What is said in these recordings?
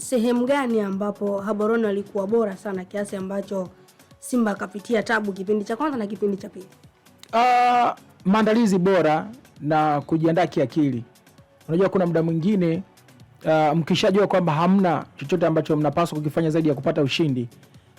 sehemu gani ambapo Gaborone alikuwa bora sana kiasi ambacho Simba akapitia tabu kipindi cha kwanza na kipindi cha pili? Uh, maandalizi bora na kujiandaa kiakili. Unajua kuna muda mwingine uh, mkishajua kwamba hamna chochote ambacho mnapaswa kukifanya zaidi ya kupata ushindi,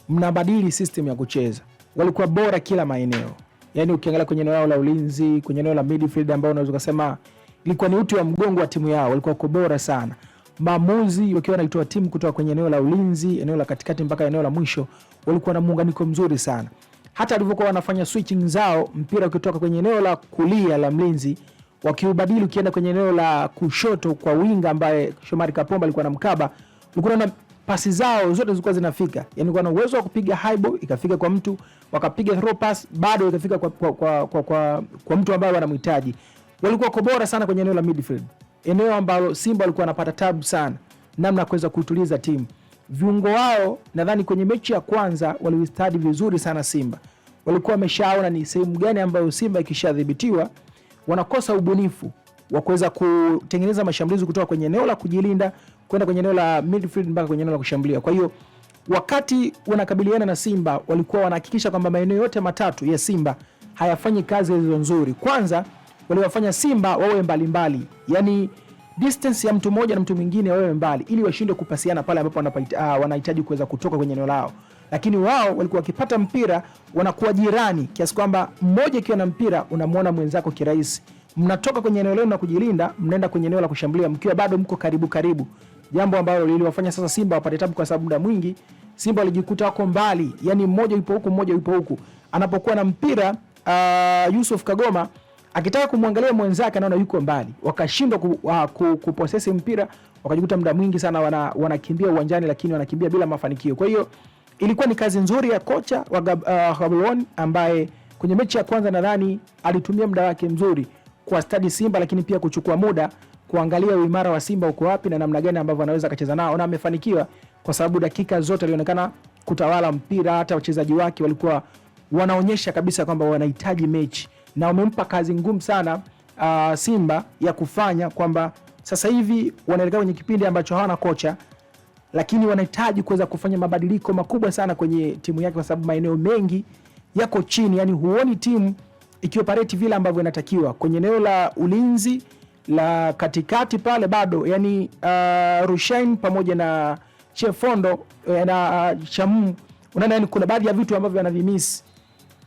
mnabadili system ya kucheza. Walikuwa bora kila maeneo, yaani ukiangalia kwenye eneo lao la ulinzi, kwenye eneo la midfield ambao unaweza kusema ilikuwa ni uti wa mgongo wa timu yao, walikuwa bora sana maamuzi wakiwa wanaitoa timu kutoka kwenye eneo la ulinzi, eneo la katikati mpaka eneo la mwisho, walikuwa na muunganiko mzuri sana. Hata alivyokuwa wanafanya switching zao, mpira ukitoka kwenye eneo la kulia la mlinzi wakiubadili ukienda kwenye eneo la kushoto kwa winga ambaye Shomari Kapomba alikuwa na mkaba, ulikuwa na pasi zao zote zilikuwa zinafika, yani kuwa na uwezo wa kupiga high ball ikafika kwa mtu, wakapiga throw pass bado ikafika kwa, kwa, kwa, kwa, kwa, kwa mtu ambaye wanamhitaji. Walikuwa kobora sana kwenye eneo la midfield eneo ambalo Simba walikuwa wanapata tabu sana namna ya kuweza kuituliza timu. Viungo wao nadhani kwenye mechi ya kwanza walistadi vizuri sana Simba, walikuwa wameshaona ni sehemu gani ambayo Simba ikishadhibitiwa wanakosa ubunifu wa kuweza kutengeneza mashambulizi kutoka kwenye eneo la kujilinda kwenda kwenye eneo la midfield mpaka kwenye eneo la kushambulia. Kwa hiyo wakati wanakabiliana na Simba walikuwa wanahakikisha kwamba maeneo yote matatu ya Simba hayafanyi kazi zilizo nzuri. Kwanza waliwafanya Simba wawe mbalimbali, yani distance ya mtu mmoja na mtu mwingine wawe mbali, ili washindwe kupasiana pale ambapo ah, wanahitaji kuweza kutoka kwenye eneo lao lakini wao walikuwa wakipata mpira wanakuwa jirani, kiasi kwamba mmoja ikiwa na mpira unamwona mwenzako kirahisi, mnatoka kwenye eneo lenu na kujilinda, mnaenda kwenye eneo la kushambulia mkiwa bado mko karibu karibu, jambo ambalo liliwafanya sasa Simba wapate tabu, kwa sababu muda mwingi Simba walijikuta wako mbali, yani mmoja yupo huku, mmoja yupo huku. Anapokuwa na mpira uh, Yusuf Kagoma akitaka kumwangalia mwenzake anaona yuko mbali, wakashindwa ku, wa, ku, kuposesi mpira, wakajikuta muda mwingi sana wana, wanakimbia uwanjani, lakini wanakimbia bila mafanikio. Kwa hiyo ilikuwa ni kazi nzuri ya kocha wa uh, Gaborone uh, ambaye kwenye mechi ya kwanza nadhani alitumia muda wake mzuri kwa stadi Simba, lakini pia kuchukua muda kuangalia uimara wa Simba uko wapi na namna gani ambavyo anaweza akacheza nao, na amefanikiwa kwa sababu dakika zote alionekana kutawala mpira. Hata wachezaji wake walikuwa wanaonyesha kabisa kwamba wanahitaji mechi na umempa kazi ngumu sana uh, Simba ya kufanya kwamba sasa hivi wanaelekea kwenye kipindi ambacho hawana kocha, lakini wanahitaji kuweza kufanya mabadiliko makubwa sana kwenye timu yake, kwa sababu maeneo mengi yako chini, yani huoni timu ikioperate vile ambavyo inatakiwa kwenye eneo la ulinzi la katikati pale bado yani, uh, Rushain pamoja na Chefondo eh, na uh, Chamu, unaona yani kuna baadhi ya vitu ambavyo anavimiss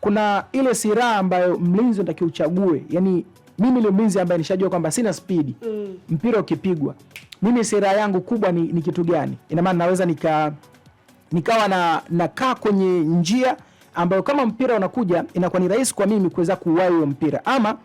kuna ile siraha ambayo mlinzi unatakiwa uchague. Yani mimi ile mlinzi ambaye nishajua kwamba sina spidi mm. mpira ukipigwa, mimi siraha yangu kubwa ni, ni kitu gani? Ina maana naweza nika nikawa na nakaa kwenye njia ambayo kama mpira unakuja inakuwa ni rahisi kwa mimi kuweza kuuwahi huo mpira, ama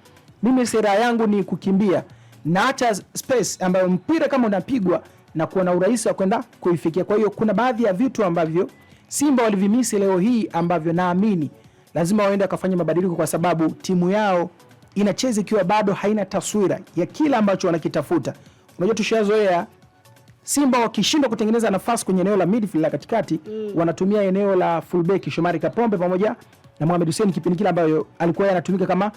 mimi siraha yangu ni kukimbia na hata space ambayo mpira kama unapigwa na kuwa na urahisi wa kwenda kuifikia. Kwa hiyo kuna baadhi ya vitu ambavyo Simba walivimisi leo hii ambavyo naamini lazima waende wakafanya mabadiliko, kwa sababu timu yao inacheza ikiwa bado haina taswira ya kila ambacho wanakitafuta. Unajua, tushazoea Simba wakishindwa kutengeneza nafasi kwenye eneo la midfield la katikati mm. wanatumia eneo la fullback Shomari Kapombe pamoja na Mohamed Hussein kipindi kile ambayo alikuwa anatumika kama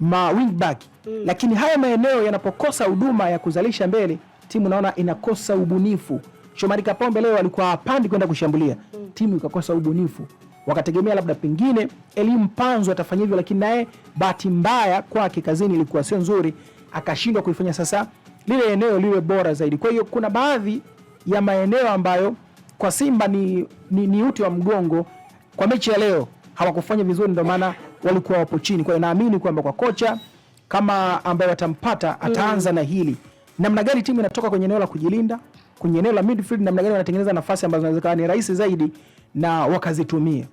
ma wingback mm. lakini haya maeneo yanapokosa huduma ya kuzalisha mbele, timu naona inakosa ubunifu. Shomari Kapombe leo alikuwa hapandi kwenda kushambulia mm. timu ikakosa ubunifu wakategemea labda pengine elimu panzo atafanya hivyo, lakini naye bahati mbaya kwake kazini ilikuwa sio nzuri, akashindwa kuifanya sasa lile eneo liwe bora zaidi. Kwa hiyo kuna baadhi ya maeneo ambayo kwa Simba ni, ni, ni uti wa mgongo. Kwa mechi ya leo hawakufanya vizuri, ndio maana walikuwa wapo chini. Kwa hiyo naamini kwamba kwa kocha kama ambaye watampata ataanza mm, na hili namna gani timu inatoka kwenye eneo la kujilinda kwenye eneo la midfield, namna gani wanatengeneza nafasi ambazo zinaweza kuwa ni rahisi zaidi na wakazitumia.